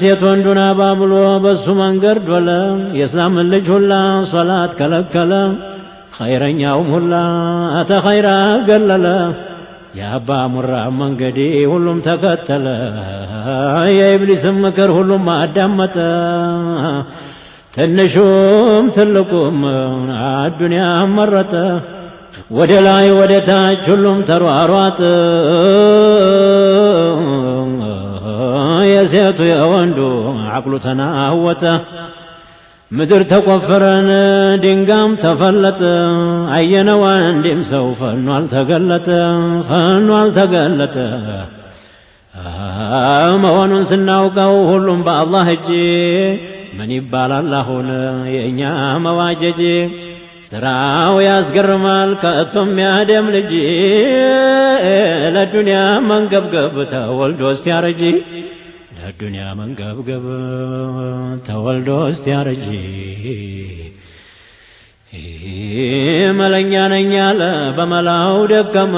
ሴት ወንዱን አባብሎ በሱ መንገድ ዶለ። የእስላምን ልጅ ሁላ ሶላት ከለከለ። ኸይረኛውም ሁላ አተ ኸይራ ገለለ። የአባ ሙራ መንገዴ ሁሉም ተከተለ። የኢብሊስም ምክር ሁሉም አዳመጠ። ትንሹም ትልቁም አዱንያ መረጠ። ወደ ላይ ወደ ታች ሁሉም ተሯሯጥ። የሴቱ የወንዱ አቅሉ ተናወጠ። ምድር ተቆፈረን ድንጋም ተፈለጠ። አየነው አንድም ሰው ፈኖ አልተገለጠ ፈኖ አልተገለጠ መሆኑን ስናውቀው ሁሉም በአላህ እጅ ምን ይባላል አሁን የእኛ መዋጀጅ? ስራው ያስገርማል ከቶም ያደም ልጅ ለዱንያ መንገብገብ ተወልዶ ስቲያረጂ ለዱንያ መንገብገብ ተወልዶ ውስጥ ያረጂ መለኛ ነኝ አለ በመላው ደከመ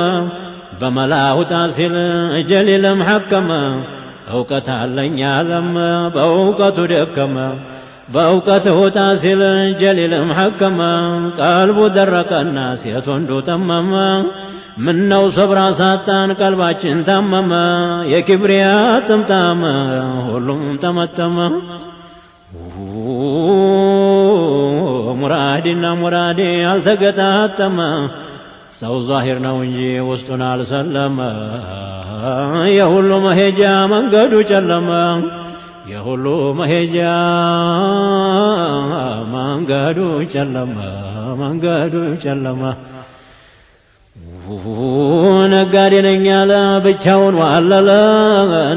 በመላው ጣሲል ጀሊልም ሐከመ እውቀት አለኝ አለም በእውቀቱ ደከመ በእውቀት ውጣ ሲል ጀሊልም ሐከመ ቀልቡ ደረቀና ሴት ወንዱ ጠመመ ምነው ሰብራ ሳጣን ቀልባችን ታመመ የኪብሪያ ጥምጣመ ሁሉም ተመተመ ሙራዴና ሙራዴ አልተገጣጠመ ሰው ዛሂር ነው እንጂ ውስጡን አልሰለመ የሁሉ መሄጃ መንገዱ ጨለመ የሁሉ መሄጃ መንገዱ ጨለመ መንገዱ ጨለመ ነጋዴ ነኝ ያለ ብቻውን ዋለለ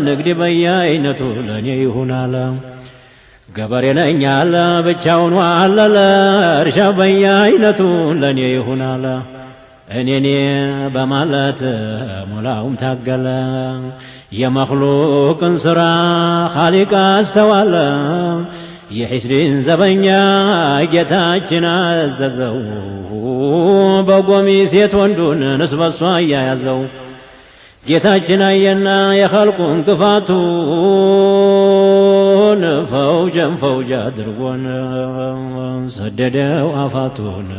ንግድ በየአይነቱ ለእኔ ይሁን አለ። ገበሬ ነኝ ያለ ብቻውን ዋለለ እርሻ በየአይነቱ ለእኔ ይሁን አለ። እኔኔ በማለት ሙላውም ታገለ የመኽሉቅን ሥራ ኻሊቅ አስተዋለ የሒዝብን ዘበኛ ጌታችን አዘዘው። በጎሚ ሴት ወንዱን ንስበሷ እያያዘው ጌታችን አየና የኸልቁን ክፋቱን ፈውጀን ፈውጅ አድርጎን ሰደደው አፋቱን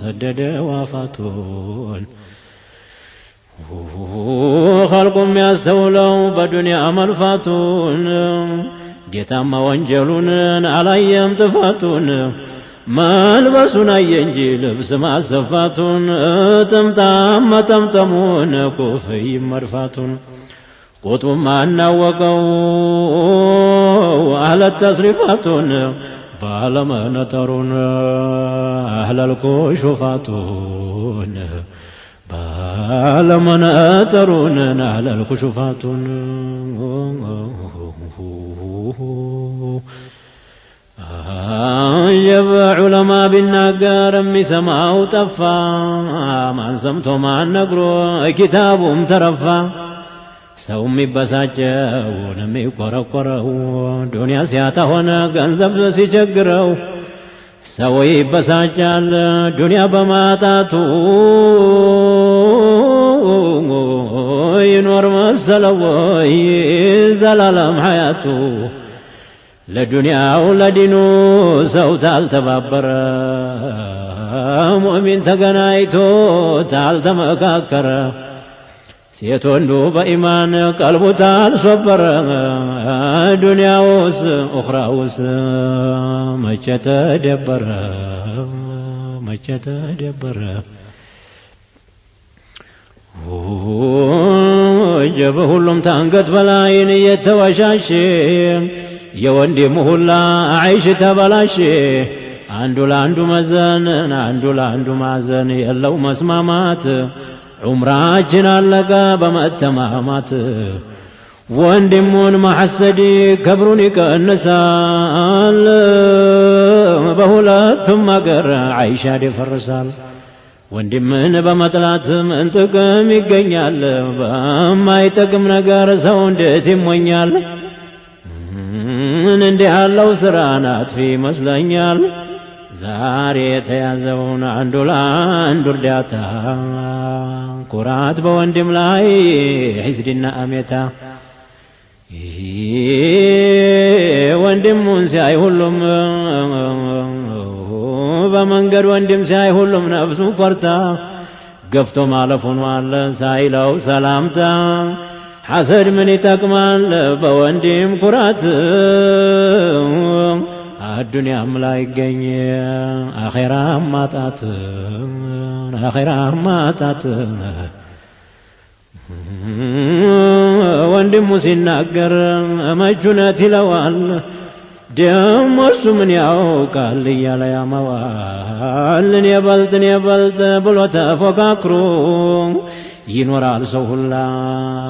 ሰደደው አፋቱን ኸልቁም ያስተውለው በዱንያ መልፋቱን ጌታማ ወንጀሉን አላየም ጥፋቱን መልበሱን አየ እንጂ ልብስ ማሰፋቱን ጥምጣም መጠምጠሙን ኩፍይ መድፋቱን ቁጥቡም አናወቀው አለት ተስሪፋቱን ባለመነጠሩን አህለልኮ ሹፋቱን ባለመነጠሩን አህለልኩ ሹፋቱን የዑለማ ቢናገር የሚሰማው ጠፋ። ማን ሰምቶ ማን ነግሮ ኪታቡም ተረፋ። ሰው የሚበሳጨውን የሚቆረቆረው ዱንያ ሲያጣ ሆነ ገንዘብ ሲቸግረው ሰው ይበሳጫል ዱንያ በማጣቱ ይኖር መሰለው ወይ ዘላለም ሀያቱ ለዱንያው ለዲኑ ሰው ታልተባበረ ሙእሚን ተገናኝቶ ታልተመካከረ ሴት ወንዱ በኢማን ቀልቡ ታልሶበረ ዱንያውስ ኡኽራውስ መቼ ተደበረ መቼ ተደበረ ጀበ ሁሉም ታንገት በላይን እየተወሻሽ የወንድሙ ሁላ አይሽ ተበላሽ አንዱ ለአንዱ መዘን አንዱ ለአንዱ ማዘን የለው መስማማት ዑምራችን አለቀ በመተማማት ወንድሙን ማሐሰድ ክብሩን ይቀንሳል። በሁለቱም አገር አይሻድ ይፈርሳል። ወንድምን በመጥላት ምን ጥቅም ይገኛል? በማይጠቅም ነገር ሰው እንዴት ይሞኛል? ምን እንዲህ ያለው ስራ ናትፊ ይመስለኛል። ዛሬ የተያዘውን አንዱ ለአንዱ እርዳታ ኩራት በወንድም ላይ ሂስድና አሜታ ወንድሙን ሲያይ ሁሉም በመንገድ ወንድም ሲያይ ሁሉም ነፍሱ ኮርታ ገፍቶ ማለፉን ዋለ ሳይለው ሰላምታ ሐሰድ ምን ይጠቅማል በወንድም ኩራት አዱንያም ላይ ይገኝ አኼራም ማጣት አኼራም ማጣት ወንድሙ ሲናገር መጁነት ይለዋል ደሞ እሱ ምን ያውቃል እያለ ያመዋል እኔ በልጥ እኔ በልጥ ብሎ ተፎካክሩ ይኖራል ሰው ሁላ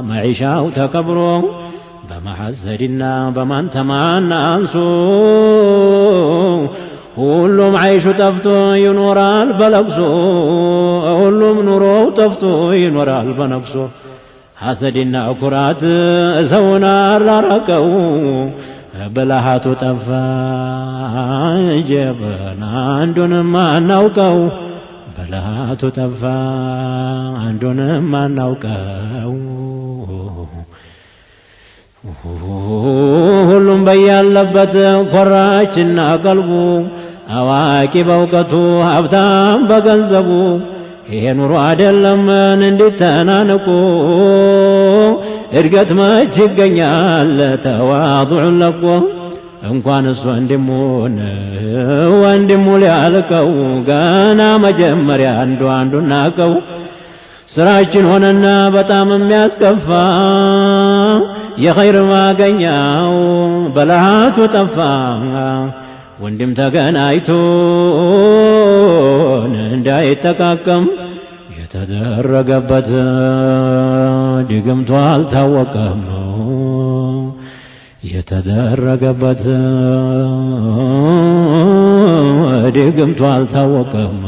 መዒሻው ተቀብሮ በመሐሰድና በማንተማና አንሱ ሁሉም ዓይሹ ጠፍቶ ይኖራል በለቅሶ ሁሉም ኑሮው ጠፍቶ ይኖራል በነቅሶ ሐሰድና ኩራት ሰውን አራረቀው በልሃቱ ጠፋ ጀበና አንዱንም አናውቀው ጠላቱ ጠፋ አንዱንም አናውቀው ሁሉም በያለበት ኮራችና ቀልቡ አዋቂ በእውቀቱ ሀብታም በገንዘቡ ይሄ ኑሮ አይደለምን እንዲተናንቁ እድገት መች ይገኛል ተዋጡዑን ለቆ እንኳን እሱ ወንድሙን ወንድሙ ሊያልቀው ገና መጀመሪያ አንዱ አንዱ ናቀው ስራችን ሆነና በጣም የሚያስከፋ የኸይር ማገኛው በለሃቱ ጠፋ። ወንድም ተገናኝቶን እንዳይጠቃቀም የተደረገበት ድግምቱ አልታወቀም። የተደረገበት ድግምቱ አልታወቀም።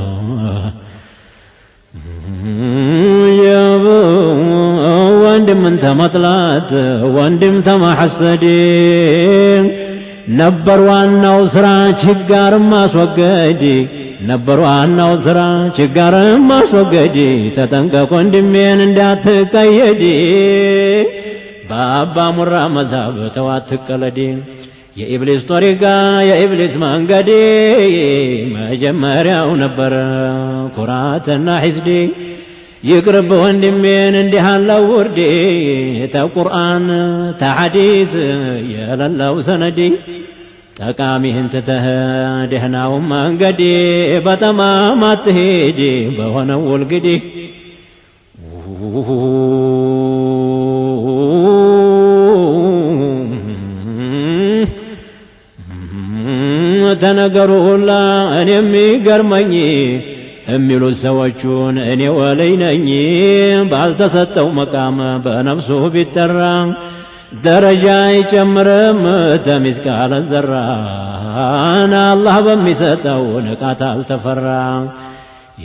ወንድምን ተመጥላት ወንድም ተማሐሰድ ነበር ዋናው ስራ ችጋር ማስወገድ ነበር ዋናው ስራ ችጋርም ማስወገድ። ተጠንቀቅ ወንድሜን እንዳትቀየድ በአባ ሙራ መዛብ ተዋት ቀለዴ የኢብሊስ ጦሪጋ የኢብሊስ መንገዴ መጀመሪያው ነበረ ኩራትና ሒስዴ ይቅርብ ወንድሜን እንዲህ አለው ውርዴ ተቁርአን ተሐዲስ የለለው ሰነዴ ጠቃሚህን ትተህ ደህናውን መንገዴ በጠማማ አትሄድ በሆነው ውልግዴ ነገሩ ሁላ እኔም ይገርመኝ የሚሉት ሰዎቹን እኔ ወለይ ነኝ ባልተሰጠው መቃም በነፍሱ ቢጠራ ደረጃ አይጨምርም ቃለ ዘራን አላህ በሚሰጠው ንቃት አልተፈራ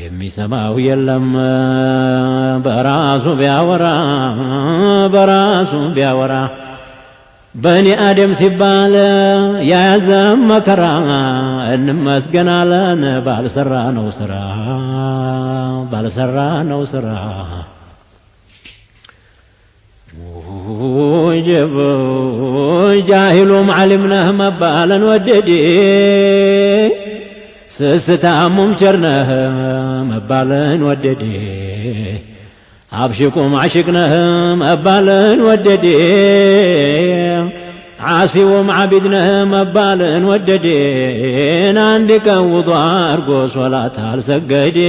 የሚሰማው የለም በራሱ ቢያወራ በራሱ ቢያወራ በኒ አደም ሲባል ያያዘም መከራ እንመስገናለን። ባልሰራ ነው ስራ ባልሰራ ነው ስራ ወጀቦ ጃሂሉ ማዕሊም ነህ መባለን ወደዴ ስስታሙም ቸርነህ መባለን ወደዴ አብሽቁም አሽቅነህም መባልን ወደዴ ዓሲውም ዓቢድነህም መባልን ወደዴ አንድ ቀን ውጡ አርጎ ሶላት አልሰገዴ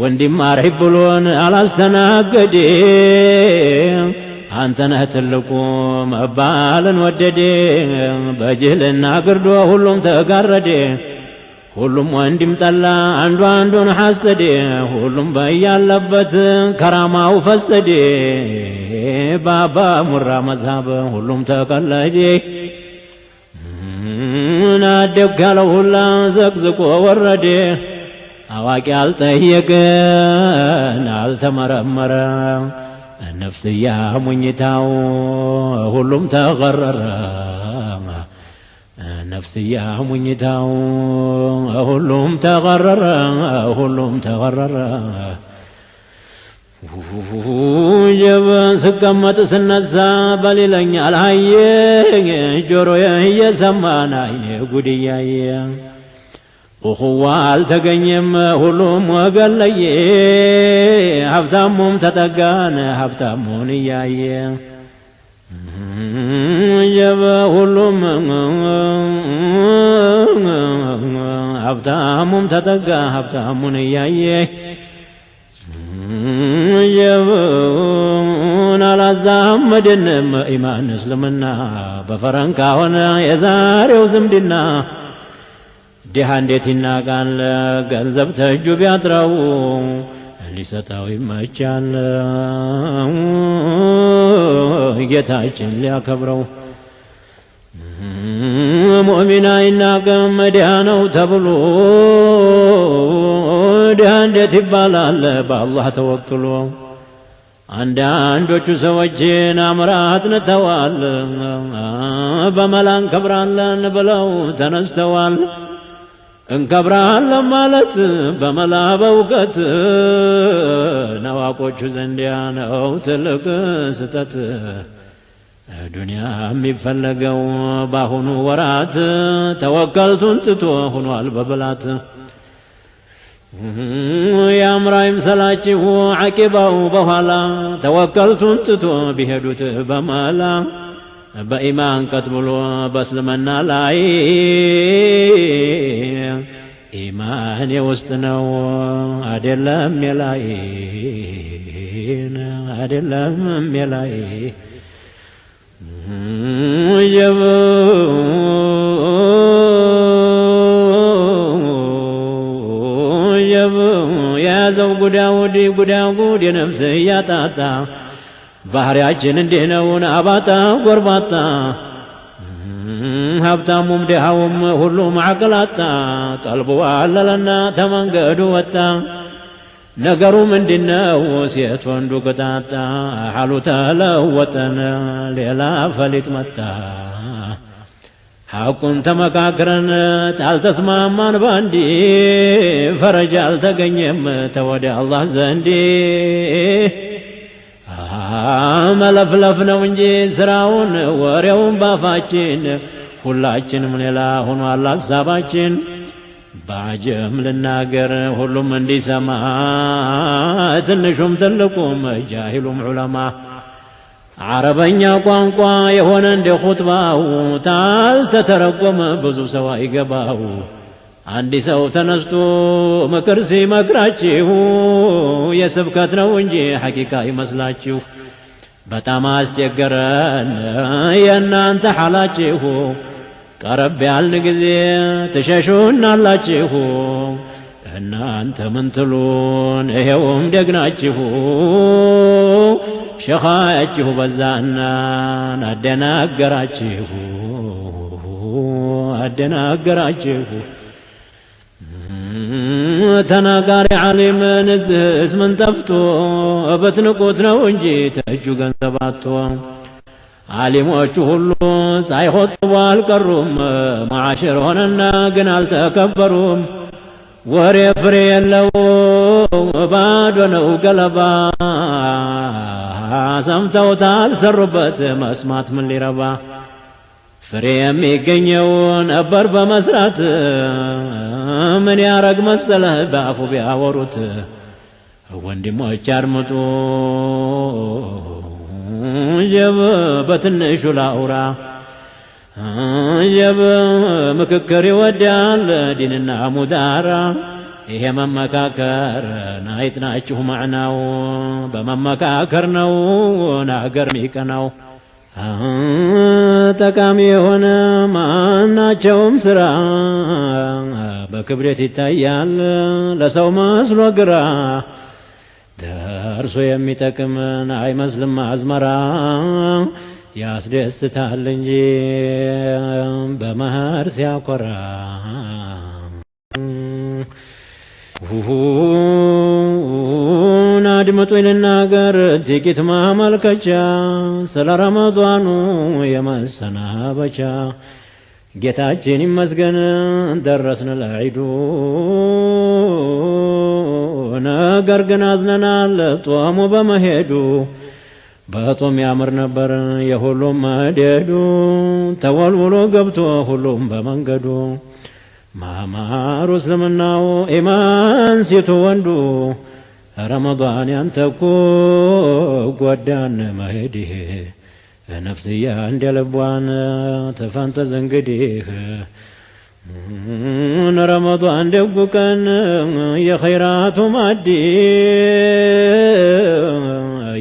ወንድም አርሒ ብሎን አላስተናገዴ አንተነህ ትልቁ መባልን ወደዴ በጅህልና ግርዶ ሁሉም ተጋረዴ ሁሉም ወንድም ጠላ አንዱ አንዱን ሐሰዴ ሁሉም በያለበት ከራማው ፈሰዴ ባባ ሙራ መዝሃብ ሁሉም ተቀለዴ ናደግ ያለ ሁላ ዘግዝቆ ወረዴ አዋቂ አልጠየቅን አልተመረመረ ነፍስያ ሙኝታው ሁሉም ተቀረረ ነፍስያ ሙኝታው ሁሉም ተቀረረ፣ ሁሉም ተቀረረ። ጀበ ስቀመጥ ስነሳ በሌለኛ አልሃየ ጆሮዬ እየሰማን አይኔ ጉድያየ እኹዋ አልተገኘም ሁሉም ወገን ለየ ሀብታሙም ተጠጋን ሀብታሙን እያየ ሁሉም ሀብታሙም ተጠጋ ሀብታሙን እያየ ጀቡን አላዛመድንም ኢማን እስልምና በፈረን ካሆነ የዛሬው ዝምድና ዲሃ እንዴት ይናቃል ገንዘብ ተእጁ ቢያጥረው ሊሰጠው ይመቻል ጌታችን ሊያከብረው ሙእሚን አይናቅም መዲያ ነው ተብሎ ዲያ እንዴት ይባላል በአላህ ተወክሎ። አንዳንዶቹ ሰዎችን አምራ አጥንተዋል በመላ እንከብራለን ብለው ተነስተዋል። እንከብራለን ማለት በመላ በእውቀት ነዋቆቹ ዘንዲያ ነው ትልቅ ስጠት ዱንያ የሚፈለገው በአሁኑ ወራት ተወከልቱን ትቶ ሆኗል በብላት ያምራ ይምሰላችሁ አቂባው በኋላ ተወከልቱን ትቶ ቢሄዱት በመላ በኢማን ቀጥ ብሎ በእስልምና ላይ ኢማን የውስጥ ነው አይደለም የላይ አይደለም የላይ የያዘው ጉዳውድ ጉዳጉድ የነፍስ እያጣጣ ባህሪያችን እንዲህ ነውን አባጣ ጎርባጣ፣ ሀብታሙም ድሃውም ሁሉም አቅላጣ። ቀልቡ አለለና ተመንገዱ ወጣ። ነገሩ ምንድነው ሴት ወንዱ ቅጣጣ። ሐሉ ተለወጠን ሌላ ፈሊጥ መጣ። ሐቁን ተመካክረን አልተስማማን ባንዲ፣ ፈረጃ አልተገኘም ተወደ አላህ ዘንዴ ። መለፍለፍ ነው እንጂ ስራውን ወሬውን ባፋችን ሁላችንም ሌላ ሆኗል ሀሳባችን። ባጀም ልናገር ሁሉም እንዲሰማ ትንሹም ትልቁም ጃሂሉም ዑለማ አረበኛ ቋንቋ የሆነ እንደ ኹጥባው ታልተተረጎመ ብዙ ሰው አይገባው። አንድ ሰው ተነስቶ ምክር ሲመክራችሁ የስብከት ነው እንጂ ሐቂቃ ይመስላችሁ። በጣም አስቸገረን የእናንተ ሐላችሁ ቀረብ ያልን ጊዜ ትሸሹናላችሁ። እናንተ ምንትሉን ይሄውም ደግናችሁ ሸኻያችሁ በዛና አደናገራችሁ አደናገራችሁ ተናጋሪ ዓሊም እዝስ ምን ጠፍቶ በትንቁት ነው እንጂ ተእጁ ገንዘብ አቶ ዓሊሞቹ ሁሉ ሳይሆጥቡ አልቀሩም። ማዓሽር ሆነና ግን አልተከበሩም። ወሬ ፍሬ የለው ባዶ ነው ገለባ። ሰምተውት አልሰሩበት መስማት ምን ሊረባ ፍሬ የሚገኘው ነበር በመስራት ምን ያረግ መሰለ በአፉ ቢያወሩት ወንድሞች አድምጡ ጀብ በትንሹ ላውራ ጀብ ምክክር ይወዳል ዲንና ሙዳራ ይሄ መመካከር ናይት ናችሁ ማዕናው በመመካከር ነው ናገር ሚቀናው ጠቃሚ የሆነ ማናቸውም ስራ በክብደት ይታያል ለሰው መስሎ ግራ ደርሶ የሚጠቅምን አይመስልም አዝመራ ያስደስታል እንጂ በመኸር ሲያኮራ አድመጡ ልናገር ጥቂት ማመልከቻ ስለ ረመዷኑ የመሰናበቻ። ጌታችን ይመስገን ደረስን ለዒዱ፣ ነገር ግን አዝነናል ጦሙ በመሄዱ። በጦም ያምር ነበር የሁሉም መደዱ፣ ተወልውሎ ገብቶ ሁሉም በመንገዱ። ማማሩ እስልምናው ኢማን ሲቱ ወንዱ ረመዳን ያንተ እኮ ጎዳን መሄድህ ነፍስያ እንደ ልቧን ተፈንጠዝ እንግዲህ ረመዳን ደጉ ቀን የኸይራቱ ማዲ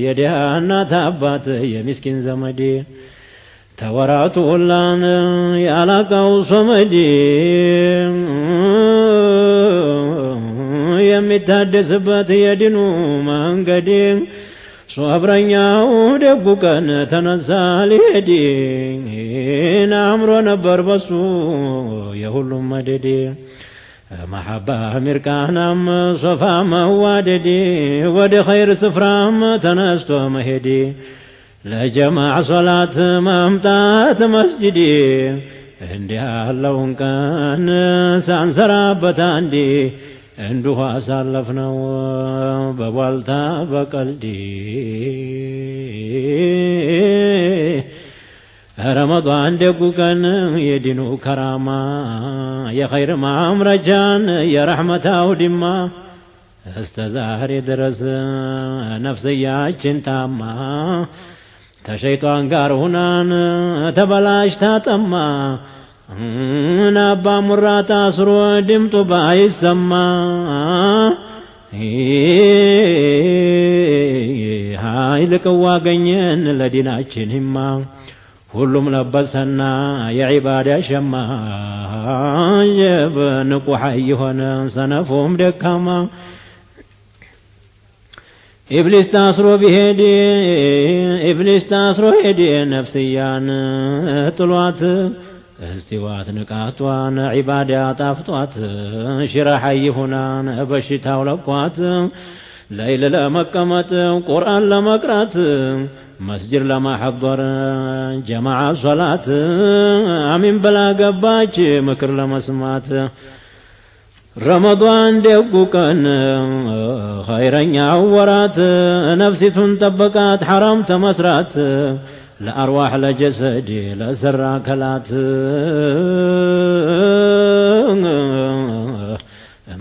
የድሃ እናት አባት የሚስኪን ዘመዴ ተወራቱ ሁላን ያላቃው ሶመዴ የሚታደስበት የድኑ መንገድ ሶብረኛው ደጉ ቀን ተነሳ ሊሄድ ይህን አእምሮ ነበር በሱ የሁሉም መደድ መሐባም ሚርቃናም ሶፋ መዋደድ ወደ ኸይር ስፍራም ተነስቶ መሄድ ለጀማዕ ሶላት መምጣት መስጅድ እንዲህ ያለውን ቀን ሳንሰራበት አንዴ እንዲሁ ነው በቧልታ በቀልድ ረመዷን ደጉ ቀን የዲኑ ከራማ የኸይር ማምረጃን የረሕመት አውድማ እስተ ዛሬ ድረስ ነፍስያችን ታማ ተሸይጧን ጋር ሁናን ተበላሽ ታጠማ አባ ሙራ ታስሮ ድምጡ ባይሰማ ኃይል ቅዋ ገኘን ይማ ሁሉም ለበሰና የዒባዳ ሸማ ንቁ ሐይ ሆነ ሰነፎም ደካማ ኢብሊስ ታስሮ ቢሄድ ኢብሊስ ታስሮ ሄድ ነፍስያን ጥሏት እስቲዋት ንቃቷን ዒባዳ ጣፍቷት ሽራሓይ ይሁናን በሽታው ለቋት ለይል ለመቀመጥ ቁርአን ለመቅራት መስጅድ ለማሐበር ጀማዓ ሶላት አሚን ብላ ገባች ምክር ለመስማት ረመዷን ደጉ ቀን ኸይረኛ ወራት ነፍሲቱን ጠበቃት ሐራም ተመስራት ለአርዋህ ለጀሰድ ለሰራ ከላት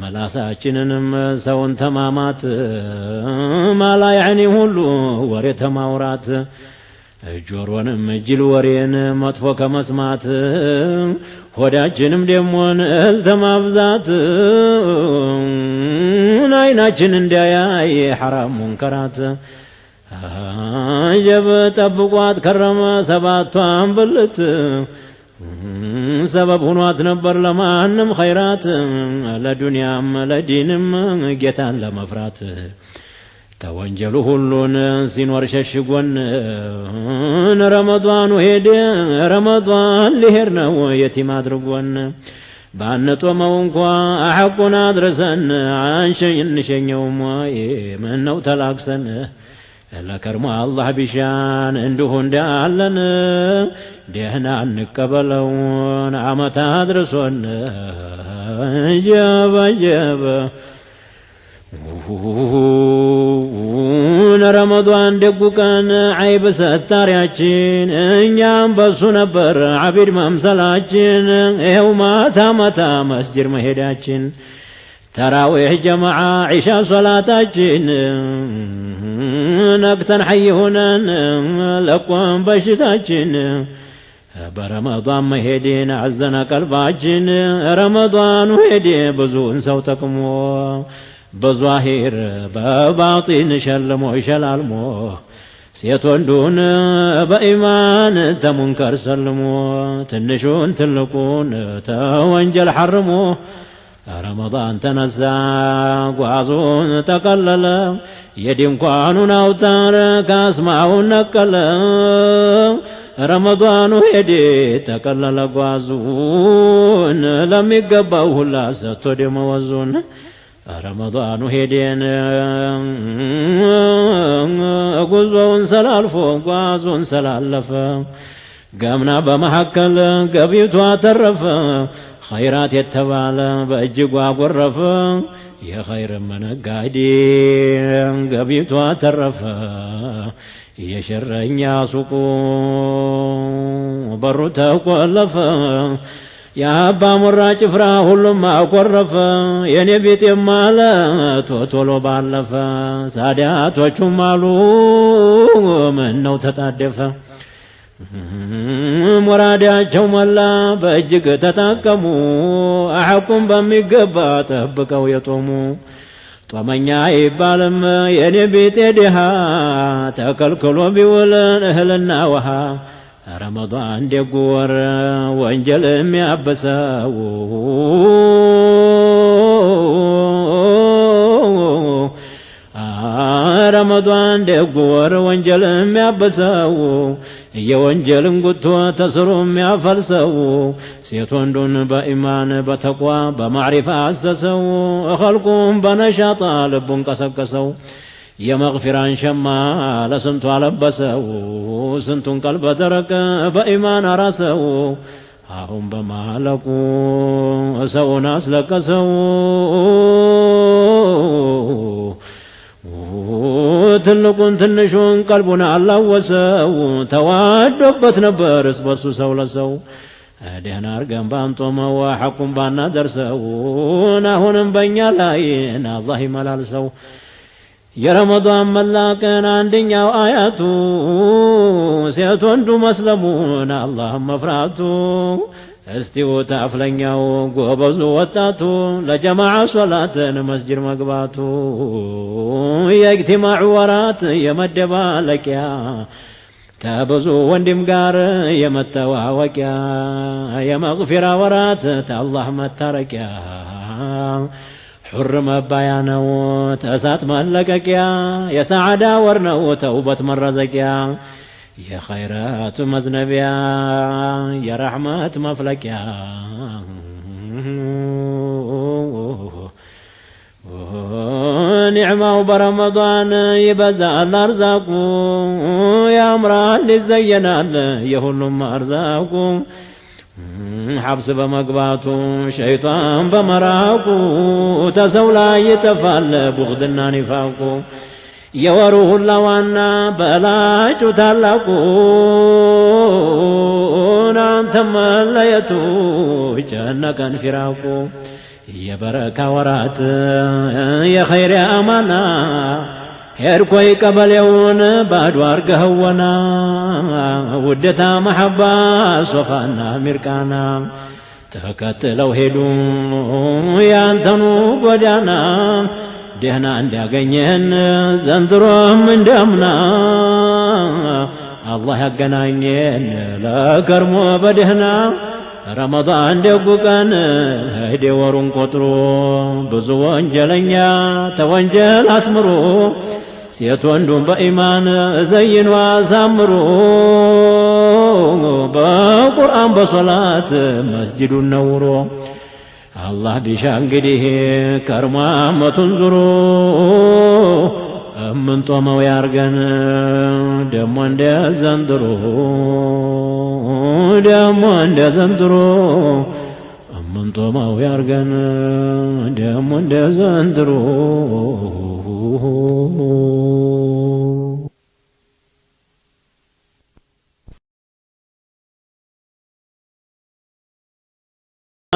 መላሳችንንም ሰውን ተማማት ማላ ያዕኒ ሁሉ ወሬ ተማውራት ጆሮንም እጅል ወሬን መጥፎ ከመስማት ሆዳችንም ደሞን እህል ተማብዛት አይናችን እንዲያያይ ሐራም ሙንከራት ጠብቋት ከረመ ሰባቷን ብልት ሰበብ ሁኗት ነበር ለማንም ኸይራት ለዱንያም ለዲንም ጌታን ለመፍራት ተወንጀሉ ሁሉን ሲኖር ሸሽጎን ረመዷኑ ሄደ ረመዷን ሊሄድ ነው የቲም አድርጎን ባንጦመው እንኳ አሐቁን አድረሰን አንሸኝ እንሸኘውም ምነው ተላክሰን ለከርሞ አላህ ቢሻን እንዲሁ እንዳለን ደህና እንቀበለውን አመት አድርሶን ጀበ ረመዷን ደጉ ቀን አይብ ሰታሪያችን እኛም በሱ ነበር አቢድ መምሰላችን ይኸው ማታ ማታ መስጅድ መሄዳችን ተራዊሕ ጀማዓ ዒሻ ሶላታችን ነግተን ሐይ ሆነን ለቆን በሽታችን በረመዷን መሄድን አዘነ ቀልባችን ረመዷኑ ሄድ ብዙውን ሰው ጠቅሞ በዟሂር በባጢን ሸልሞ ይሸላልሞ ሴት ወንዱን በኢማን ተሙንከር ሰልሞ ትንሹን ትልቁን ተወንጀል ሐርሞ ረመዳን ተነሳ ጓዙን ተቀለለ የድንኳኑን አውታር ካስማውን ነቀለ ረመዳኑ ሄዴ ጠቀለለ ጓዙን ለሚገባው ሁላ ሰጥቶ ደመወዙን ረመዳኑ ሄዴን ጉዞውን ሰላልፎ ጓዙን ሰላለፈ ገምና በመሐከል ገቢቷ ተረፈ ኸይራት የተባለ በእጅጉ አጎረፈ። የኸይር መነጋዴ ገቢቷ ተረፈ። የሸረኛ ሱቁ በሩ ተቆለፈ። የአባ ሙራ ጭፍራ ሁሉም አኮረፈ። የኔ ቤጤም አለ ቶቶሎ ባለፈ። ሳዲያቶቹም አሉ ምነው ተጣደፈ። ሞራዳቸው ሞላ በእጅግ ተጠቀሙ አሐቁም በሚገባ ጠብቀው የጦሙ ጦመኛ ይባልም የኔ ቤቴ ድሃ ተከልክሎ ቢውልን እህልና ውሃ ረመዳን ደጉወር ወንጀል የሚያበሰው ረመዳን ደጉወር ወንጀል የሚያበሰው የወንጀልን ጉቶ ተስሮ የሚያፈልሰው ሴት ወንዱን በኢማን በተቋ በማዕሪፋ አሰሰው እኸልቁም በነሻጣ ልቡን ቀሰቀሰው የመግፊራን ሸማ ለስንቱ አለበሰው ስንቱን ቀልብ በደረቀ በኢማን አራሰው አሁን በማለቁ ሰውን አስለቀሰው ትልቁን ትንሹን ቀልቡን አላወሰው ተዋዶበት ነበር እስበርሱ ሰው ለሰው ደህና አርገን ባንጦመው ሐቁን ባናደርሰው አሁንም በእኛ ላይ አላህ ይመላልሰው። የረመዷን መላቅን አንደኛው አያቱ ሴት ወንዱ መስለሙን አላህ መፍራቱ እስቲው ተአፍለኛው ጎበዙ ወጣቱ ለጀማዓ ሶላትን መስጅድ መግባቱ የእጅትማዑ ወራት የመደባለቂያ ከብዙ ወንድም ጋር የመተዋወቂያ የመግፊራ ወራት ተአላህ መታረቂያ ሑር መባያ ነው ተእሳት መለቀቂያ የሰዓዳ ወር ነው ተውበት መረዘቂያ يا خيرات مزنبيا يا رحمات مفلكيا نعمة برمضان يبزا الأرزاقكم يا أمرأة اللي زينا يا هلم أرزاقكم حبس بمقباتو شيطان بمراقو تسولى يتفال بغض النانفاقو የወሩ ሁላ ዋና በላጩ ታላቁ ናንተ መለየቱ ጨነቀን ፊራቁ የበረካ ወራት የኸይር አማና ሄድኮይ ቀበሌውን ባዶ አርገህወና ውደታ መሐባ ሶፋና ሚርቃና ተከትለው ሄዱ ያንተኑ ጎዳና ደህና እንዳገኘን ዘንድሮም እንደምና አላህ ያገናኘን ለከርሞ በደህና ረመዳን ደጉ ቀን ሄዴ ወሩን ቆጥሮ ብዙ ወንጀለኛ ተወንጀል አስምሮ ሴት ወንዱን በኢማን ዘይኖ አሳምሮ በቁርአን በሶላት መስጅዱን ነውሮ አላህ ቢሻ እንግዲህ ከርሞ አመቱን ዙሮ እምንጦመው ያርገን ደሞ እንደ ዘንድሮ ደሞ እንደ ዘንድሮ እምንጦመው ያርገን ደሞ እንደ ዘንድሮ